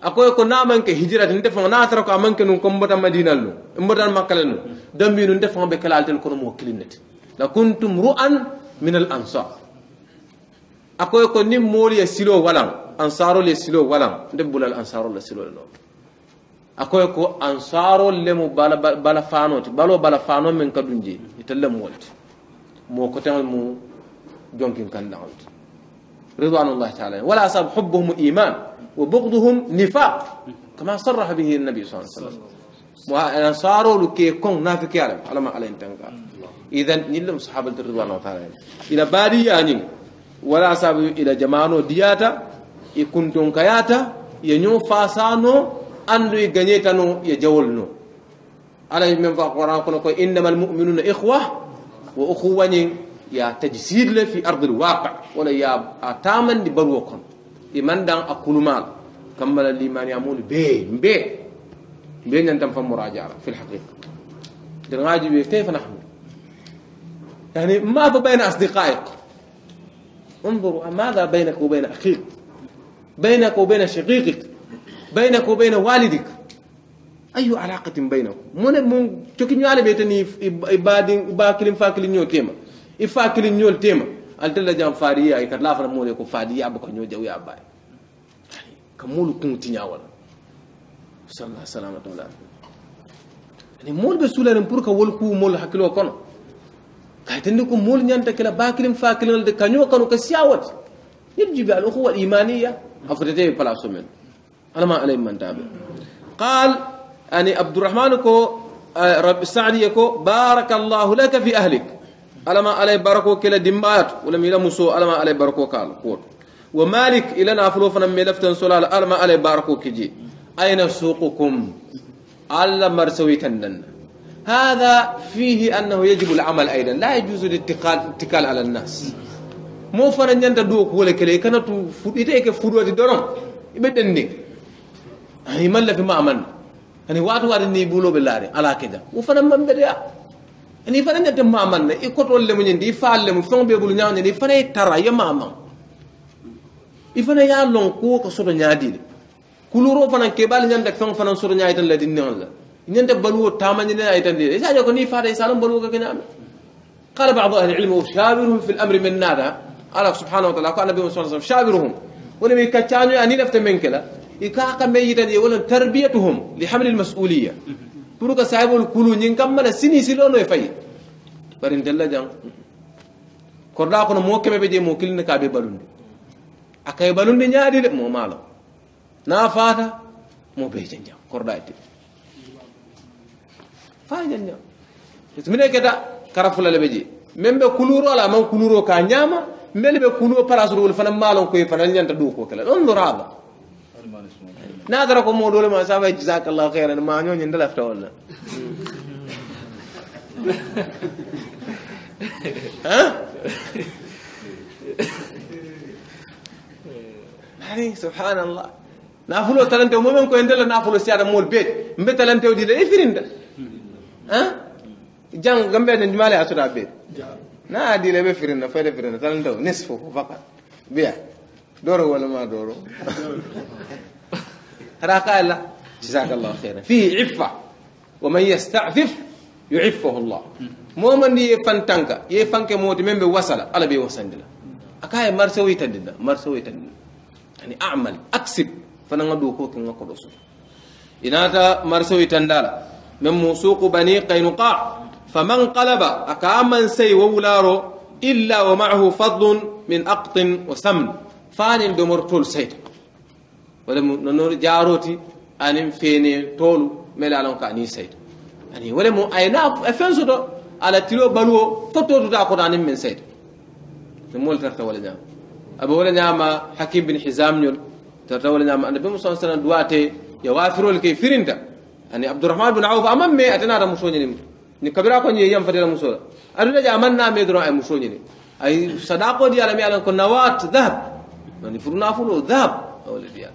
akoye ko naa maŋ ke hijirati nte faŋo naa tara ko a maŋ ke nuŋ ko mbota madinal nu mbotan makkale nu dambi nu nte faŋo be kela alitel kono moo kilin ne ti la kuntum ru'an min al ansar akoye ko niŋ moolu ye siloo walaŋ ansaarolu ye siloo walaŋ nte bulal ansaarolu la siloo le nooma akoy ko ansaro lemu bala bala fanoti balo bala fano min kadunji itellem wolti mo ko tan mu jonkin kan dawt رضوان الله تعالى ولا سب حبهم ايمان وبغضهم نفاق كما صرح به النبي صلى الله عليه وسلم وانصار لكي كون نافك يعلم على ما علي انت اذا نلم صحابه رضوان الله تعالى الى بادي يعني ولا سب الى جمانو دياتا يكون كياتا ينو فاسانو andu i gagneta no ye jawol no ala men fa qouran kono koye innama almuminuna ihwa wo ukhuwa ñin ya tajsid le fi ardi lwaqi wala ya a tamandi baruwo kono i mandan a kulumal kammala limani amunu bee mbee mbee ñantan fa mourajara fi lhaqiqa درناجي بي كيف نحن يعني ماذا بين أصدقائك انظروا ماذا بينك وبين أخيك بينك وبين شقيقك بينك وبين والدك أي علاقة بينهم من من تكني على بيتني إبادين باكلين فاكلين يو تيما إفاكلين يو تيما لا جام فاريا إكر لا فرم مولك فاريا أبوك نيو جوي أباي كمول كم تنيا ولا صلى الله سلامة الله يعني مول بسولة نبورك ولكو مول حكلو كنا كاتني كم مول نيان تكلا باكلين فاكلين لد كنيو كانوا كسياوت يجب على الأخوة الإيمانية أفرتين بلا سمين أنا ما علي من تابع قال أني يعني عبد الرحمن كو آه، رب سعدي يكو بارك الله لك في أهلك ألا ما علي بركو كلا دمبات ولم يلا مسو ألا ما علي بركو قال قول ومالك إلى نافلو فنا ملفتن سلال ألا ما علي بركو كجي أين سوقكم ألا مرسوي تنن هذا فيه أنه يجب العمل أيضا لا يجوز الاتكال اتكال على الناس مو فانا نتا دوك ولا كلي كانت فوت ايتك فوت دورون يبدن هي من لفي ما أمن أني واتو واتو ني بولو بلاري على كده وفنا من بديا أني فنا نت ما أمن إكوت ولا من يندي فعل من فن بيقول نعم يندي فنا ترى يا ما أمن إفنا يا لون كو كسر نعدي كلورو فنا كبال نعم دك فن فنا سر نعدي تن لدين نعلا نعم تبلو تامن نعدي تن دي إذا جاكو ني فارس سالم بلو كنام قال بعض أهل العلم وشابرهم في الأمر من نادا على سبحانه وتعالى قال النبي صلى الله عليه وسلم شابرهم ونبي كتانو أني لفت منك لا ikaka meyitan ye wala tarbiyatuhum li hamli almas'uliyya pour que saybol kulu nyin kamala sini silono e fayi bari ndella jang korda kono mo kebe be je mo kilin ka be balunde akay balunde nyaadi de mo malo na fata mo be je jang korda ite fa jang jang ismine keda karafula le be je membe kuluro ala man kuluro ka nyama mbele be kunuo palasuru wol fana malon koy fana nyanta du ko kala don doraba نادرك مولول ما سافا جزاك الله خيرا ما نيون يندلفت ولا ها يعني سبحان الله نافلو تلنتو ممن كو يندل نافلو سيادة مول بيت مبي تلنتو دي لأي فرين دا ها جان غمبي نجمالي أسودا بيت نا دي لأي فرين فايدة فرين تلنتو نصفه فقط بيه دوره ولا ما دوره هذا قال جزاك الله خيرا فيه عفة ومن يستعفف يعفه الله مومن يفنتنك يفنك كموت من بوصلة على بيوصل دلا أكاي مرسوي تدنا مرسوي تدنا يعني أعمل أكسب فنغدو كوك إن هذا مرسوي تندالا من موسوق بني قينقاع فمن قلب أكامن سي وولارو إلا ومعه فضل من أقط وسمن fanin domor tol sayta wala nono jaroti anin fene tolu mele alon ka ni sayta ani wala mu ayna afenso do ala tilo baluo toto da ko anin men sayta mol tarta wala nyama abo wala nyama hakim bin hizam nyol tarta wala nyama annabi musa sallallahu alaihi wasallam duate ya wafirol ke firinta ani abdurrahman bin auf amam me atana da muso ni ni kabira ko ni yam fadela muso aduna ja amanna me dron ay muso ni ay sadaqo di ala mi ala ko nawat dhahab nani furunafulo dhab awolidiya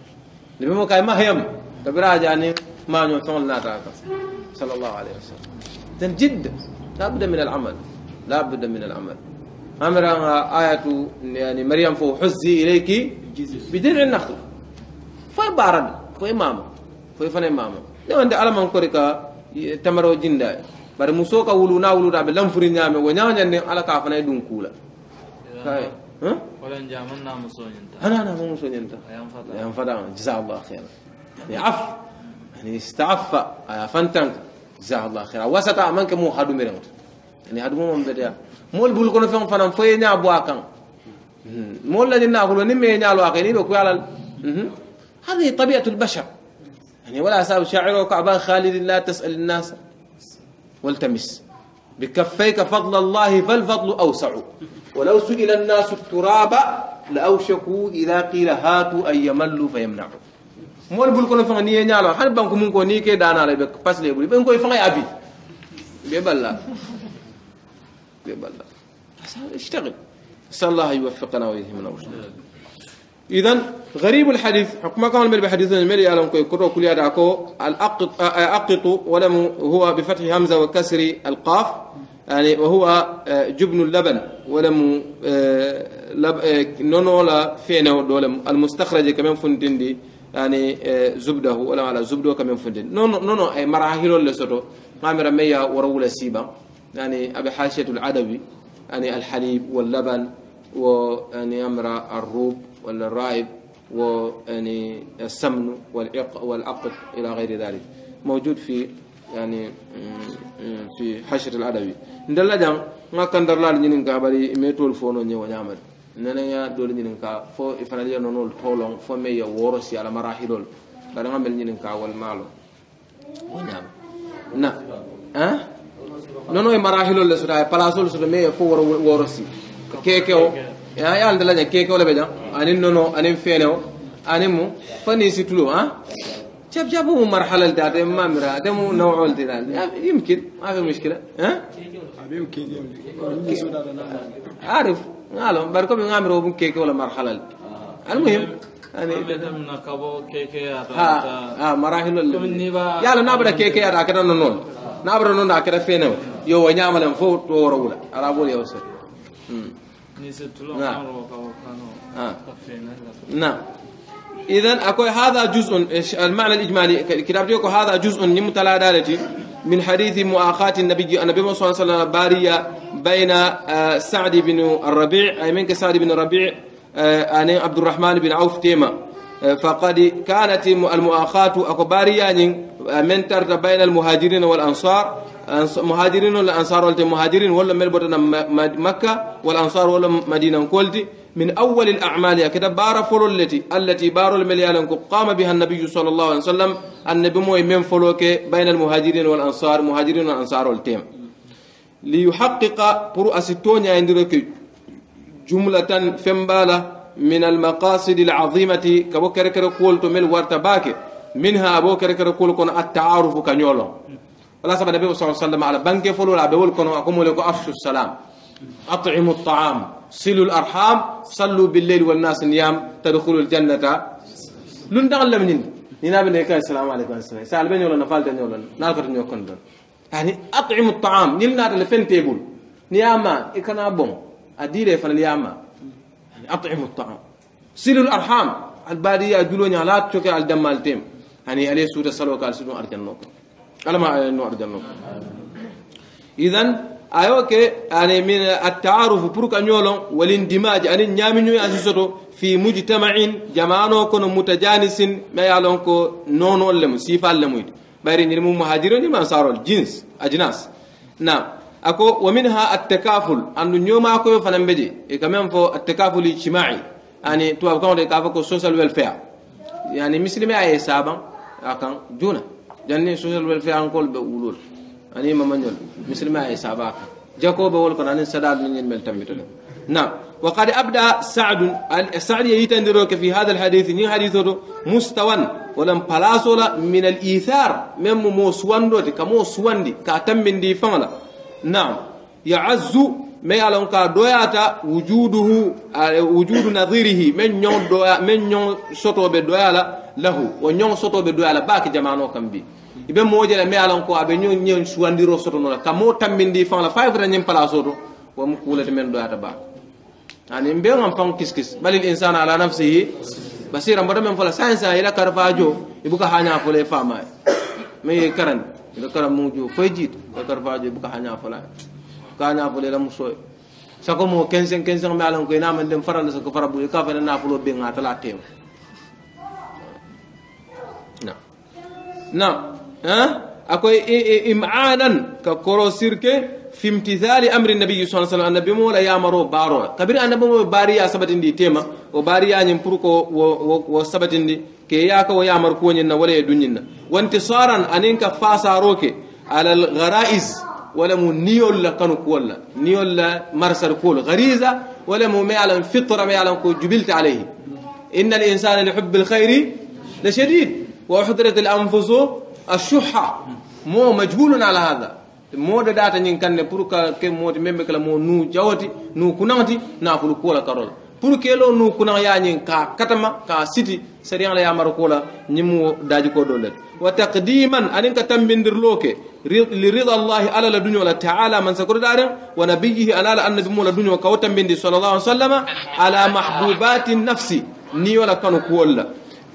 limemo kay mahyam tabira jani maño tongol nata ka صلى الله عليه وسلم إذن جد لا بد من العمل لا بد من العمل أمر آية يعني مريم فو حزي إليك بجذع النخل فوي بارد فوي ماما فوي فني ماما لو أنت ألم أنكرك تمرو جندا بار مسوكا ولونا ولونا بلنفرين نامي ونعجن على كافنا يدون كولا ولن جامنا مصون انت انا انا مو مصون انت ينفضع آه، جزاه الله خيرا يعني عف يعني استعفى آه، فانتنك جزاه الله خيرا وسط آه، منك مو هادو ميرنت يعني هادو مو مبدا مول بول كون فين فنان فوي نيا بوا كان مول لدي ناكلو مي نيا لو اخي بكو على هذه طبيعه البشر يعني ولا حساب شاعر وكعبان خالد لا تسال الناس والتمس بكفيك فضل الله فالفضل أوسع ولو سئل الناس التراب لأوشكوا إذا قيل هاتوا أن يملوا فيمنعوا مول بول كون فان ني نيالو حن بانكو مون كو ني كي دانا لا بك باس لي بولي بانكو فان ابي بيبالا بيبالا اشتغل نسال الله يوفقنا ويهمنا وشنا اذا غريب الحديث حكما كان من الحديث الملي يعلم كي كرو كل يدا الاقط اقط ولم هو بفتح همزه وكسر القاف يعني وهو آه، جبن اللبن ولم آه، لب آه، نونولا فينو دولم المستخرج كمان فندندي يعني زبده ولا على زبده كمان فندن نو نو اي مراحل لسوتو ما ميا ورول سيبا يعني ابي حاشيه العدوي يعني الحليب واللبن ويعني امر الروب ولا الرائب ويعني السمن والعقد إلى غير ذلك موجود في يعني في حشر الأدبي ندلا جام ما كان درلا نين كابري ميتول فونو ني ونيامر نانا دول نين كا فو فنالي نونول تولون فو مي وورسي على مراحلول دارا مامل نين كا وال مالو ونيام نا ها نونو مراحلول لسودا بلاصول سودا مي فو وورسي كيكو Eh, ya ye ala dalaja kekewo le be jam anin nono anin feenewo anin mu fani situlo a جاب جابوه مرحلة لتاعته ما مرا دمو نوع التاعته يمكن ما في مشكلة ها يمكن يمكن عارف عالم بركم يعمر هو كيك ولا مرحلة المهم يعني ها ها مراحل يا لا نابر كيك يا راكنا نون نابر نون راكنا فينو يو ونعمل فوت ورولا على بول يوسف نعم آه. نعم إذا هذا جزء المعنى الإجمالي الكتاب يقول هذا جزء نمتلا دارتي من حديث مؤاخاة النبي النبي صلى الله عليه وسلم بارية بين آه، سعد بن الربيع أي منك سعد بن الربيع آه، أن عبد الرحمن بن عوف تيما فقد كانت المؤاخاة أكو بارية من ترد بين المهاجرين والأنصار مهاجرين والأنصار ولا مهاجرين ولا ملبرنا مكة والأنصار ولا مدينة كولتي من أول الأعمال كده بار فلو التي التي بار المليال قام بها النبي صلى الله عليه وسلم النبي مو من فلوك بين المهاجرين والأنصار مهاجرين والأنصار والتيم ليحقق برو أستونيا عندك جملة فمبالة من المقاصد العظيمة كبكر كر قولت مل ورتباكي منها أبو كركر كل كن التعارف كنيولو ولا سبب النبي صلى الله عليه وسلم على بنك فلو لا بقول كن أقوم لكم أفشوا السلام أطعموا الطعام صلوا الأرحام صلوا بالليل والناس نيام تدخلوا الجنة لن دغل منين نينا بن هيك السلام عليكم السلام سال بين ولا نفال دنيا ولا نالك نالكر وكن دون يعني أطعموا الطعام نيل نيلنا الفين تيبول نياما إكنا بون أديري فن نياما يعني أطعموا الطعام صلوا الأرحام البادية جلوني على تشوكي على الدم التيم هني عليه سورة صلوا قال سنو أرجن نوكم ألم أنو أرجن نوكم إذن أيوة كي يعني من التعارف بروك أنيولون والاندماج أن يعني نعمل نوي أنسوتو في مجتمع جمانو كون متجانس ما يعلون كو نونو لم سيفا لم يد بارين يرمو مهاجرون يما صاروا الجنس أجناس نعم أكو ومنها التكافل أن نيوما أكو فنان بدي كمان فو التكافل الاجتماعي يعني توابقون دي كافو كو سوشال ويلفير يعني مسلمي أي سابان akan juna janni social welfare ankol be wulul ani mamanyol muslima ay sabaka jako be wol ko nan sadal ni mel tambito نعم وقد أبدى سعد سعد يتندروك في هذا الحديث ني حديثه مستوى ولم بلاسولا من الإيثار مم موسواندو كموسواندي كاتم من دي فملا نعم يعز من على أنك دوياتا وجوده وجود نظيره من يوم دويا من يوم سطو بدويا له ونيوم سطو بدويا له باك جمانو كم بي ibe mojele me alan ko abe nyon nyon suwandiro soto nona kamo tambindi fan la fayfata nyen pala soto wa mu kulati men doyata ba ani mbe ngam fan kiskis balil insana ala nafsihi basira mbada men fala sansa ila karfa jo ibuka hanya fole fama me karan ila karam mujo fayjit karfa jo ibuka hanya fala kana fole la muso sako mo kensen kensen me alan ko ina man dem faral sako farabu ka fele na fulo be ngata la tew na na ha akoy im'anan ka koro sirke fi imtithali amri nabi sallallahu alaihi wasallam annabi mo la yamaro baro kabir annabi mo bari ya sabatin di tema o bari ya nyim purko wo wo sabatin di ke ya ka wo yamar ko nyin na wala dunyin na wantisaran aninka fasa roke alal gharaiz ولم نيول لكنو كولا نيول مرسل كول غريزة ولم ما يعلم فطرة ما يعلم كو جبلت عليه إن الإنسان لحب الخير لشديد وحضرت الأنفس الشحة مو مجبول على هذا مو داتا نين كان pour كم مو moti membe kala نو nu jawati nu kunanti na purkelo nu kuna ya ka katama ka city seriyan la ya marko la nyimu daji ko dolet wa taqdiman anin ka tambindir loke li rida allah ala la dunya la ta'ala man sakur dare wa nabiyhi ala la annabi mu la dunya ka tambindi sallallahu alaihi wasallam ala mahbubati nafsi ni wala kanu kuolla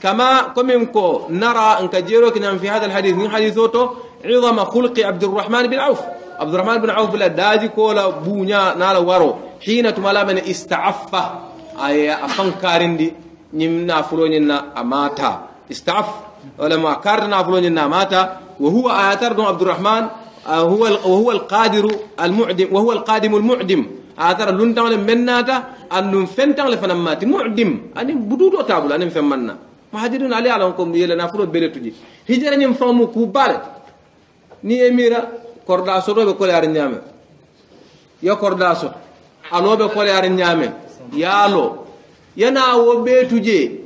كما كمنكو نرى انك جيروك في هذا الحديث من حديثه عظم خلق عبد الرحمن بن عوف عبد الرحمن بن عوف لا داجي كولا بونيا نال ورو حين تملا من استعفه aye a fankarindi ñim nafuloñin na a mata istaf walama karta nafuloñin na a mata wa huwa a yatar ɗum هو وهو القادر المعدم وهو القادم المعدم اترى لون تاول مناتا ان لون فنتان لفنمات معدم ان بدودو تابل ان فمنا ما علي على انكم يلا نفرو بلتوجي هجر نيم فامو كوبال ني اميرا كوردا سورو بكول يار يا كوردا سو الو بكول yalo yana wo betuje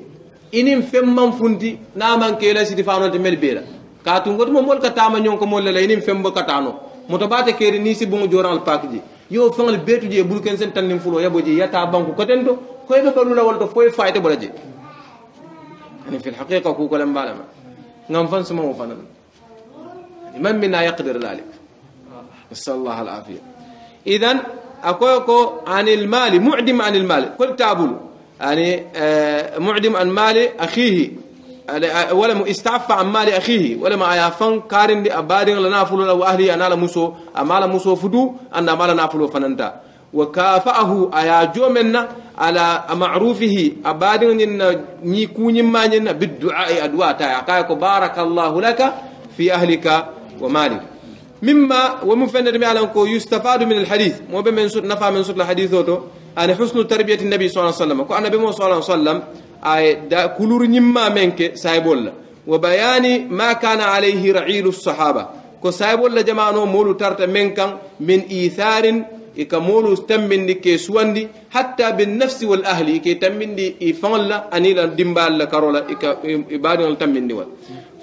inin femman fundi na man kela sidi fano de mel bela ka tu ngot mo mol kata ma nyon ko mol la fem bo kata no moto bate kere ni si bungu joral pak ji yo fangal betuje bulken sen tanim fulo yabo ji yata banku ko tendo ko be lula wal to foy fayte bola je ani fil haqiqa ku lam balama ngam fan suma fanan man minna yaqdir dhalik نسال الله العافيه اذا أكو كو عن المال معدم عن المال كل تابو يعني آه، معدم عن مال أخيه يعني، آه، ولا استعفى عن مال أخيه ولا ما يفن كارن دي أبادن لنا فلو لو أهلي أنا لمسو أمال مسو فدو أن مال نافلو فننتا وكافأه أيا جومنا على معروفه أبادن نيكون ما بالدعاء أدواتا يقايك بارك الله لك في أهلك ومالك مما ومن فندر على أنكو يستفاد من الحديث مو بمن سر نفع من سر الحديث أن يعني أنا حسن تربية النبي صلى الله عليه وسلم كو أنا بمو صلى الله عليه وسلم أي دا كلور نما منك سايبول وبيان ما كان عليه رعيل الصحابة كو سايبول جماعة مولو ترت منك من إيثار إكا مولو تمني كي حتى بالنفس والأهل إكي تمني إفنلا لا دمبال لكارولا إكا تمن تمني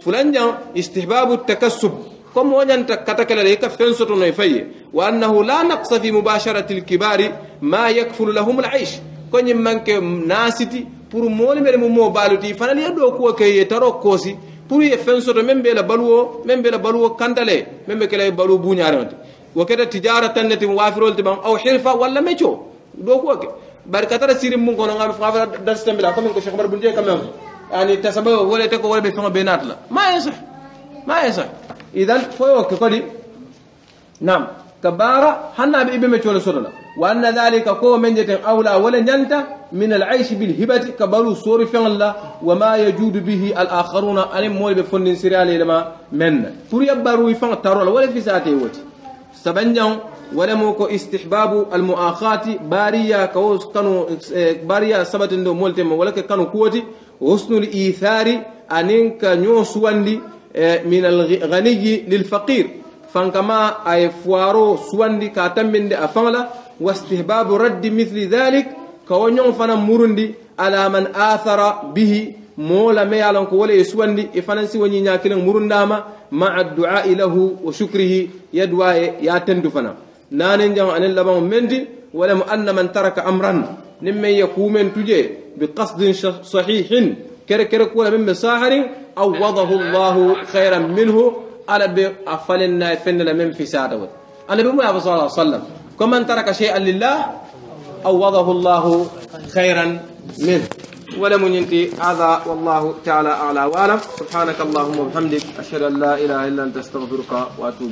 فلان استحباب التكسب كم وننت كتكل ليك فنسط نفي وأنه لا نقص في مباشرة الكبار ما يكفل لهم العيش كن منك ناسيتي pour moolu mere mu moo baaluti fanal ye doo kuwo ke ye taro koosi pour ye fen soto meŋ be la baluwo meŋ be la baluwo kantale meŋ be kela ye baluwo buuñaariŋo ti wo keta tijaratan ne ti waafirolu ti baŋ aw hirfa walla mecco doo kuwo ke bari ka tara sirim mun kono ŋa fafara dasiten bila comme ko cheikh omar bunte ka meŋ ani tasaba wole te ko wole be feŋo be naata la ma ye sah ma ye sah إذن فيو كقولي نعم كبارة حنا بإبمة ولا سرنا وأن ذلك قوم من جت أولى ولا جنت من العيش بالهبة كبارو سور في الله وما يجود به الآخرون أن مول بفن سريال لما من فري بارو يفن ترول ولا في ساعته وتي سبنجان ولا موكو استحباب المؤاخاة باريا كوز كانوا باريا سبت ندو مولتم ولا كانوا قوتي وحسن الإيثار أنك نيوسواندي من الغني للفقير فانكما اي فوارو سواندي ka tambinde a واستهباب رد مثل ذلك كونيون فانا موروندي على من آثر به مولا كو ولي سواندي يسواندي سي وني نياكلن مورونداما مع الدعاء له وشكره يا ياتندو فانا نانين جان أن اللبان مندي ولم أن من ترك أمرا نمي يقومن تجي بقصد صحيح كره كره كولا من مساهر عوضه الله خيرا منه على بأفلنا النافن لمن في ساده أنا ابو صلى الله عليه وسلم كمن ترك شيئا لله عوضه الله خيرا منه ولم ينتي هذا والله تعالى أعلى وأعلم سبحانك اللهم وبحمدك أشهد أن لا إله إلا أنت أستغفرك وأتوب